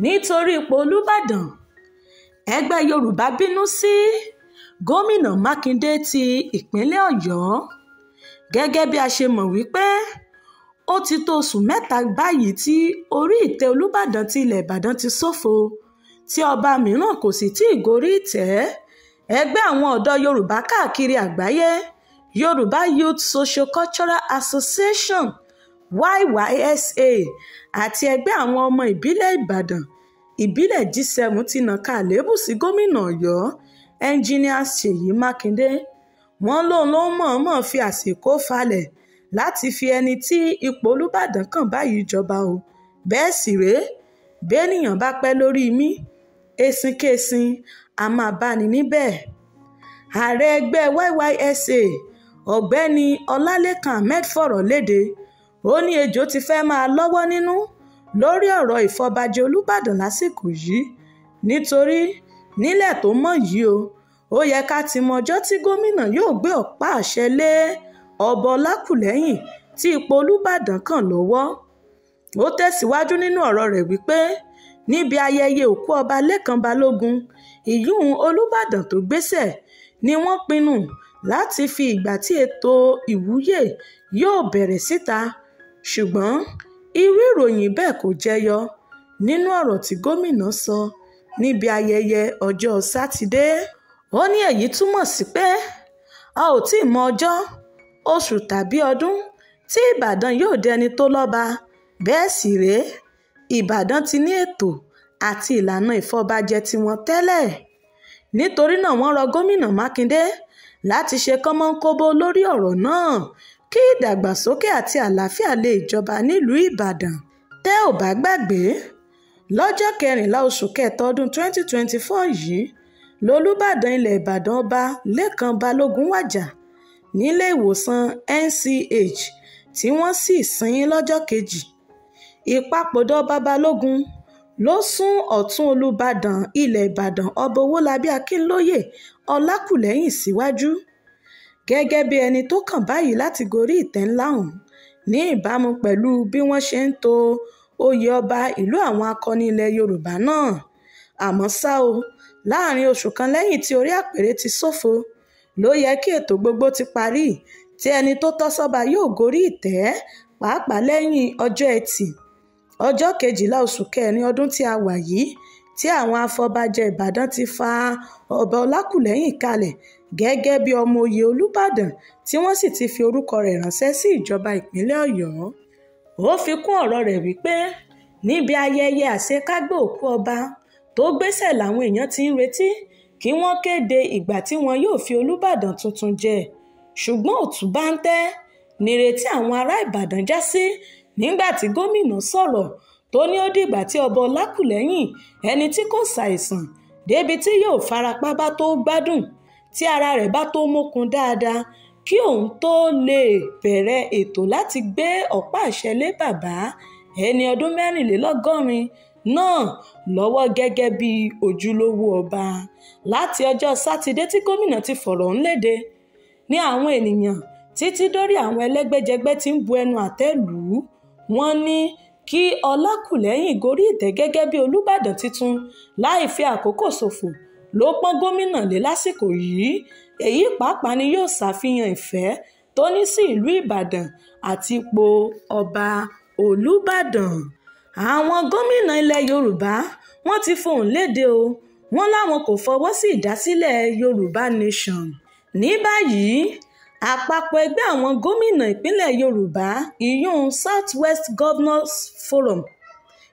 nítorí ipò olùbàdàn ẹgbẹ́ yorùbá bínú sí gómìnà mákindé ti ìpínlẹ̀ ọ̀yọ́ gẹ́gẹ́ bí a ṣe mọ̀ wípé ó ti tó oṣù mẹ́ta báyìí tí orí ìtẹ́ olùbàdàn ti ilẹ̀ ìbàdàn ti ṣófo tí ọba mìíràn kò sì tí ì gorí ìtẹ́ ẹgbẹ́ àwọn ọ̀dọ́ yorùbá káàkiri àgbáyé yorùbá youth social cultural association yysa àti ẹgbẹ́ àwọn ọmọ ìbílẹ̀ ìbàdàn ìbílẹ̀ g7 ti nàka àléébù sí gómìnà ọ̀yọ́ ẹnjiníà ṣèyí mákindé wọ́n lóun ló mọ̀ọ́mọ̀ fi àsìkò falẹ̀ láti fi ẹni tí ipò olùbàdàn kàn báyìí jọba o bẹ́ẹ̀ sì rèé bẹ́ẹ̀nìyàn bá pẹ́ lórí mi esinkesin a máa bá ní níbẹ̀ ààrẹ ẹgbẹ́ yysa ọ̀gbẹ́ni ọlálẹ́kan ahmed fọ̀rọ̀ léde ó ní ejò ti fẹ́ máa lọ́wọ́ nínú lórí ọ̀rọ̀ ìfọbajẹ olùbàdàn lásìkò yìí nítorí nílẹ̀ tó mọ́ yìí o ó yẹ ká ti mọjọ́ tí gómìnà yóò gbé ọ̀pá àṣẹ lé ọba ọlákùlẹ́yìn tí ipò olùbàdàn kàn lọ́wọ́ ó tẹ̀síwájú nínú ọ̀rọ̀ rẹ̀ wípé níbi ayẹyẹ òkú ọba lẹ́kan balógun ìyún olùbàdàn tó gbéṣẹ̀ ni wọ́n pinnu láti fi ìgbà tí ètò ìwúyè yóò bẹ̀rẹ̀ síta ṣùgbọ́n irú ìròyìn bẹ́ẹ̀ kò jẹyọ nínú ọ̀rọ̀ tí gómìnà sọ níbi ayẹyẹ ọjọ́ sátidé ó ní èyí túmọ̀ sí pé a ò tí ì mọ ọjọ́ oṣù tàbí ọdún tí ìbàdàn yóò dẹni tó lọ́ba bẹ́ẹ̀ sì rèé ìbàdàn ti ní ètò àti ìlànà ìfọbajẹ tiwọn tẹ́lẹ̀ nítorí náà wọ́n rọ gómìnà mákindé láti ṣe kọ́mọ́ńkóbó lórí ọ̀rọ̀ náà kí ìdàgbàsókè àti àlàáfíà lè jọba nílùú ìbàdàn tẹ́ ò bá gbàgbé lọ́jọ́ kẹrìnlá oṣù kẹta ọdún twenty twenty four yìí lolúbàdàn ilẹ̀ ìbàdàn ọba lẹ́kan balógun wájà nílé ìwòsàn nch tí wọ́n sì sin lọ́jọ́ kejì ìpapòdà ọba balógun ló sún ọ̀tún olùbàdàn ilẹ̀ ìbàdàn ọba owólabí akínlóye ọlákùlẹ́yìn síwájú si gẹ́gẹ́ bíi ẹni tó kàn báyìí láti gorí ìtẹ́ ńlá ọ̀hún ní ìbámu pẹ̀lú bí wọ́n ṣe ń to oyè ọba ìlú àwọn akọni ilẹ̀ yorùbá náà àmọ́ ṣá o láàrin oṣù kan lẹ́yìn tí orí àpèrè ti ṣófo ló yẹ kí ètò gbogbo ti parí tí ẹni tó tọ́ sọ́ba yóò gorí ìtẹ́ pàápàá lẹ́yìn ọjọ́ ẹtì ọjọ́ kejìlá oṣù kẹrin ọdún tí a wà yìí tí àwọn afọbajẹ ìbàdàn ti fa ọba ọlákúlẹ́hìn kalẹ̀ gẹ́gẹ́ bíi ọmọ òye olùbàdàn tí wọ́n sì ti fi orúkọ rẹ̀ ránṣẹ́ sí ìjọba ìpínlẹ̀ ọ̀yọ́ ó fi kún ọ̀rọ̀ rẹ̀ wípé níbi ayẹyẹ àṣekágbé òkú ọba tó gbéṣẹ̀ làwọn èèyàn ti ń retí kí wọ́n kéde ìgbà tí wọn yóò fi olùbàdàn tuntun jẹ ṣùgbọ́n òtún bá ń tẹ́ nírètí àwọn ará ìbàdàn já sí nígbà tí gómìnà sọ̀rọ̀ tó ní ó dìgbà tí ọba ọlákùlẹ́yìn ẹni tí kò ṣàìsàn débi tí yóò farapa bá tó gbádùn tí ara rẹ̀ bá tó mókun dáadáa kí òun tó lè bẹ̀rẹ̀ ètò láti gbé ọ̀pá àṣẹ lé bàbá ẹni ọdún mẹ́rìnlélọ́gọ́rin náà lọ́wọ́ gẹ́gẹ́ bí ojúlówó ọba láti ọjọ́ sátidé tí gómìnà ti fọ̀rọ̀ ń léde ní àwọn ènìyàn títí dórí àwọn ẹlẹ́gbẹ́jẹgbẹ́ tí ń bu ẹnu àtẹ́ lù ní kí ọlákùlẹ́yìn gorí ìtẹ́ gẹ́gẹ́ bí olùbàdàn tuntun láì fi àkókò ṣòfò ló pọ́n gómìnà lé lásìkò yìí èyí pàápàá ni yóò ṣàfihàn ìfẹ́ tó ní sí ìlú ìbàdàn àti ipò ọba olùbàdàn àwọn gómìnà ilẹ̀ yorùbá wọ́n ti fohùn léde o wọ́n láwọn kò fọwọ́ sí ìdásílẹ̀ yorùbá nation ní báyìí àpapọ̀ ẹgbẹ́ àwọn gómìnà ìpínlẹ̀ yorùbá ìyún south governors forum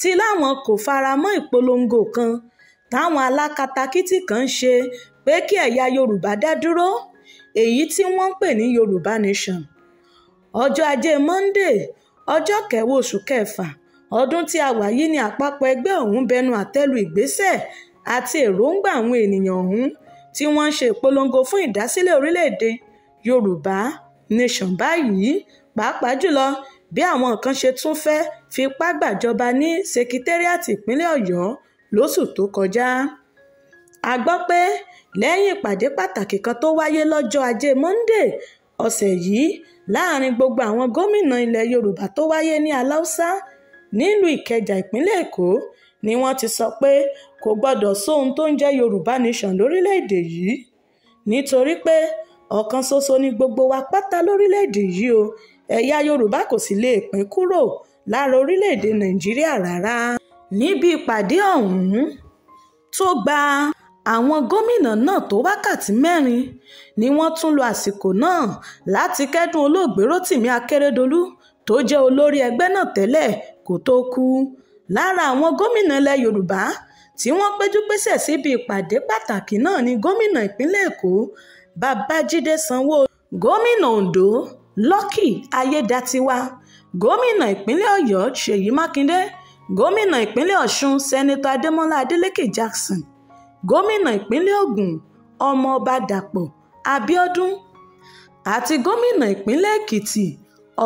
ti láwọn kò fara mọ́ ìpolongo kan táwọn alákatakítí kan ṣe pé kí ẹ̀yà yorùbá dá dúró èyí tí wọ́n ń pè ní yorùbá nation ọjọ́ ajé monday ọjọ́ kẹwàá oṣù kẹfà ọdún tí a wà yìí ni àpapọ̀ ẹgbẹ́ ọ̀hún bẹnu àtẹ́lu ìgbésẹ̀ àti èròǹgbà àwọn ènìyàn ọ̀hún tí wọ́n ń ṣe ìpolongo fún ìdásílẹ̀ orílẹ̀-èdè yorùbá nation báyìí pàápàá jùlọ bí àwọn kan ṣe tún fẹ́ fipá gbàjọba ní sekitérìàti ìpínlẹ̀ ọ̀yọ́ lóṣù tó kọjá a gbọ́ pé lẹ́yìn ìpàdé pàtàkì kan tó wáyé lọ́jọ́ ajé monde ọ̀sẹ̀ yìí láàrin gbogbo àwọn gómìnà ilẹ̀ yorùbá tó wáyé ní aláùsá nílùú ìkẹjà ìpínlẹ̀ èkó ni wọ́n ti sọ pé kò gbọ́dọ̀ sóhun tó ń jẹ́ yorùbá nation lórílẹ̀ yìí nítorí pé ọ̀kan ṣoṣo ni gbogbo wa pátá lórílẹ̀‐èdè yìí o ẹ̀yà yorùbá kò sì lè pín kúrò lára orílẹ̀‐èdè nàìjíríà rárá. níbi ìpàdé ọ̀hún tó gba àwọn gómìnà náà tó wákàtí mẹ́rin ni wọ́n tún lo àsìkò náà láti kẹ́dùn olóògbé rotimi akérèdọ́lù tó jẹ́ olórí ẹgbẹ́ náà tẹ́lẹ̀ kó tó kú lára àwọn gómìnà ilẹ̀ yorùbá tí wọ́n péjú pésẹ̀ síbi ìpàdé pàtàkì náà ni gómìnà ìpínlẹ̀ èkó babájídé sanwó-olu gómìnà ondo lucky ayédátiwa gómìnà ìpínlẹ̀ ọ̀yọ́ ṣèyí mákindé gómìnà ìpínlẹ̀ ọ̀ṣun sẹ́nitọ́ adémọ́lá adélékè jackson gómìnà ìpínlẹ̀ ogun ọmọọba dàpọ̀ Abiodun àti gómìnà ìpínlẹ̀ èkìtì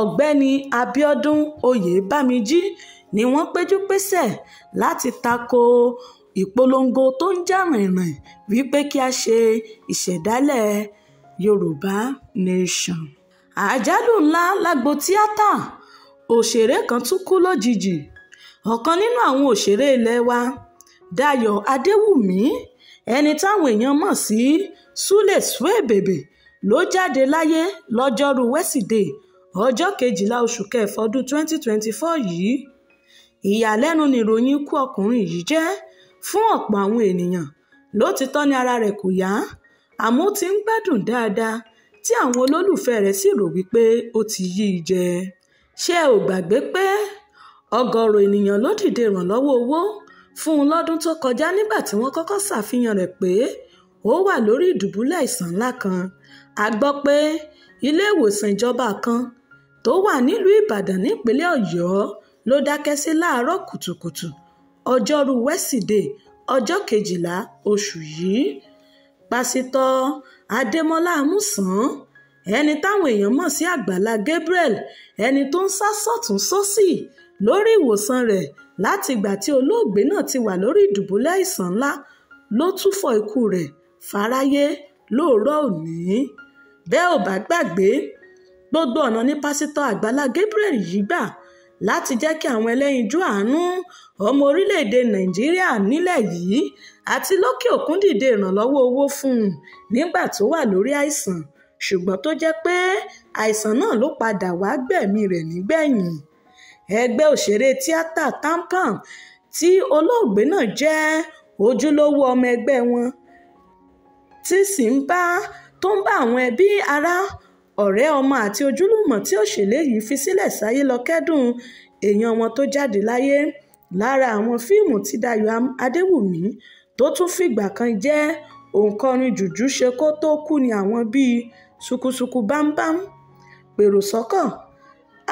ọ̀gbẹ́ni abíọ́dún oyèbámíjí ni wọ́n péjú pésẹ̀ láti tako ìpolongo tó ń jà rìnrìn wípé kí a ṣe ìṣẹ̀dálẹ̀ yorùbá nation. àjálù ńlá lágbo tíátà òṣèré kan tún kú lójijì ọ̀kan nínú àwọn òṣèré ilé wa dayọ̀ adéwùmí ẹni táwọn èèyàn mọ̀ sí súlẹ̀ suebèbè ló jáde láyé lọ́jọ́rú wẹ́sídẹ̀ẹ́ ọjọ́ kejìlá oṣù kẹfà ọdún 2024 yìí ìyàlẹ́nu nìròyìn ikú ọkùnrin yìí jẹ́ fún ọ̀pọ̀ àwọn ènìyàn lótìtọ́ ni ara rẹ̀ kò yá àmọ́ ó ti ń gbádùn dáadáa tí àwọn olólùfẹ́ rẹ̀ sì rò wípé ó ti yí i jẹ ṣé ò gbàgbé pé ọ̀gọ̀rọ̀ ènìyàn ló dìde ìrànlọ́wọ́ owó fún un lọ́dún tó kọjá nígbà tí wọ́n kọ́kọ́ ṣàfihàn rẹ̀ pé ó wà lórí ìdùbúlẹ̀ àìsàn ńlá kan a gbọ́ pé ilé ìwòsàn ìjọba kan tó wà nílùú Ìbàdàn nípínlẹ̀ Ọ̀yọ́ ló dákẹ́ sí láàárọ̀ kùtùkùtù ọjọ́rùú wẹ́sídẹ̀ẹ́ ọjọ́ kejìlá oṣù yìí pásítọ̀ adémọlá amúsàn ẹni táwọn èèyàn mọ̀ sí àgbàlá gabriel ẹni tó ń sá sọ́tún sósì lórí ìwòsàn rẹ̀ látìgbà tí olóògbé náà ti wà lórí ìdùbúlẹ̀ àìsàn ńlá ló túfọ̀ ikú rẹ̀ fáráyé lóòrọ̀ òní bẹ́ẹ̀ ò bá gbàgbé gbogbo ọ̀nà ni pásítọ̀ àgbàlá gabriel yìí gbà láti jẹ́ kí àwọn ẹlẹ́yinjú àánú ọmọ orílẹ̀-èdè nàìjíríà nílẹ̀ yìí àti lókè òkun dìde ìrànlọ́wọ́ owó fún un nígbà tó wà lórí àìsàn ṣùgbọ́n tó jẹ́ pé àìsàn náà ló padà wá gbẹ̀mí rẹ̀ nígbẹ̀yìn ẹgbẹ́ òṣèré tíátà tampan tí olóògbé náà jẹ́ ojúlówó ọmọ ẹgbẹ́ wọn tí sì ń bá tó ń bá àwọn ẹbí ará ọ̀rẹ́ ọmọ àti ojúlùmọ̀ tí òṣèré yìí fi sílẹ̀ sáyé lọ kẹ́dùn èèyàn wọn tó jáde láyé lára àwọn fíìmù tí Dayọ̀ Adéwùmí tó tún fìgbà kan jẹ́ òǹkọrin jùjú ṣe kó tó kú ni àwọn bíi ṣùkùṣùkù bámbám pèrò sọ́kàn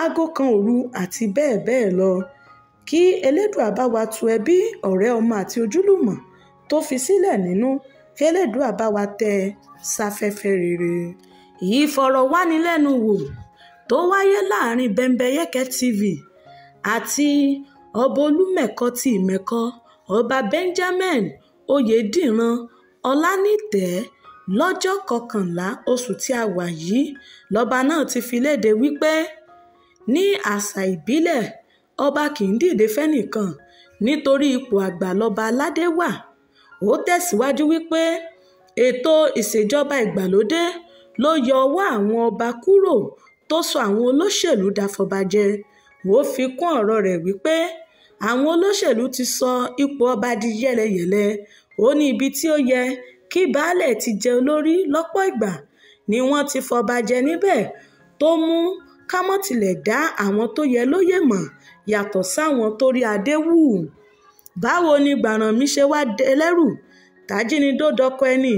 aago kan òru àti bẹ́ẹ̀ bẹ́ẹ̀ lọ kí elédùà bá wa tu ẹbí ọ̀rẹ́ ọmọ àti ojúlùmọ̀ tó fi sílẹ̀ nínú kí elédùà bá wa tẹ́ sáfẹ́fẹ́ rere ìfọ̀rọ̀wánilẹ́nuwò tó wáyé láàrin bẹnbẹyẹkẹ tv àti ọba olùmẹ̀kọ ti ìmẹ̀kọ ọba benjamin oyèdírán ọlánìtẹ́ lọ́jọ́ kọkànlá oṣù tí a wà yìí lọ́ba náà ti fi léde wípé ní àṣà ìbílẹ̀ ọba kì í dìde fẹ́nìkan nítorí ipò àgbà lọ́ba aládé wà ó tẹ̀síwájú wípé ètò ìṣèjọba ìgbàlódé ló yọ ọwọ́ àwọn ọba kúrò tó sọ àwọn olóṣèlú dáfọ̀bàjẹ́ wò fi kún ọ̀rọ̀ rẹ̀ wípé àwọn olóṣèlú ti sọ ipò ọba di yẹ́lẹyẹ̀lẹ ó ní ibi tí ó yẹ kí baálẹ̀ ti jẹ olórí lọ́pọ̀ ìgbà ni wọ́n ti fọba jẹ níbẹ̀ tó mú kámọ́tilẹ̀ dá àwọn tó yẹ lóyè mọ̀ yàtọ̀ sáwọn tó rí adé wù báwo ni gbàràn mi ṣe wá ẹlẹ́rù tàjínigbó dọkọ ẹni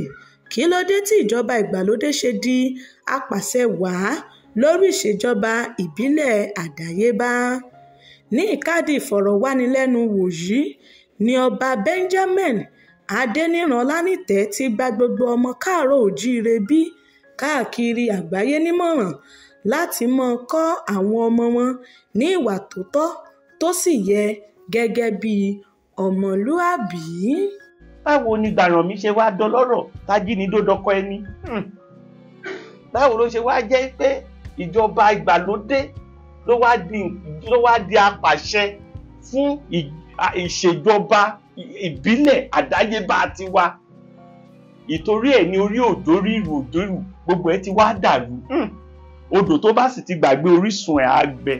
kí ló dé tí ìjọba ìgbàlódé ṣe di apàṣẹwàá lórí ìṣèjọba ìbílẹ̀ àdáyébá ní ìkádìí ìfọ̀rọ̀wánilẹ́nuwò yìí ni ọba benjamin adẹniran ọlánìtẹ́ ti gba gbogbo ọmọ káàárọ̀-oòjíire bí káàkiri àgbáyé nímọ̀ràn láti máa kọ́ àwọn ọmọ wọn ní ìwà tó tọ́ tó sì yẹ gẹ́gẹ́ bíi ọmọlúàbí báwo ni gbàrànmí ṣe wá dọlọ́rọ̀ tájínigbó dọkọ ẹni hmm. báwo ló ṣe wá jẹ́ pé ìjọba ìgbàlódé ló wá di ló wá di apàṣẹ fún ìṣèjọba ìbílẹ̀ àdáyébá tiwa ìtorí ẹ̀ ní orí òdó ríru òdó ríru gbogbo ẹ̀ ti wá dàrú hmm. odò tó bá sì ti gbàgbé orísun ẹ̀ á gbẹ.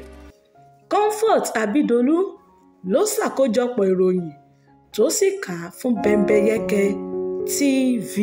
Comfort Abídolú ló ṣàkójọpọ̀ ìròyìn tó sì kà á fún bẹ́ńbẹ́yẹ́kẹ́ tv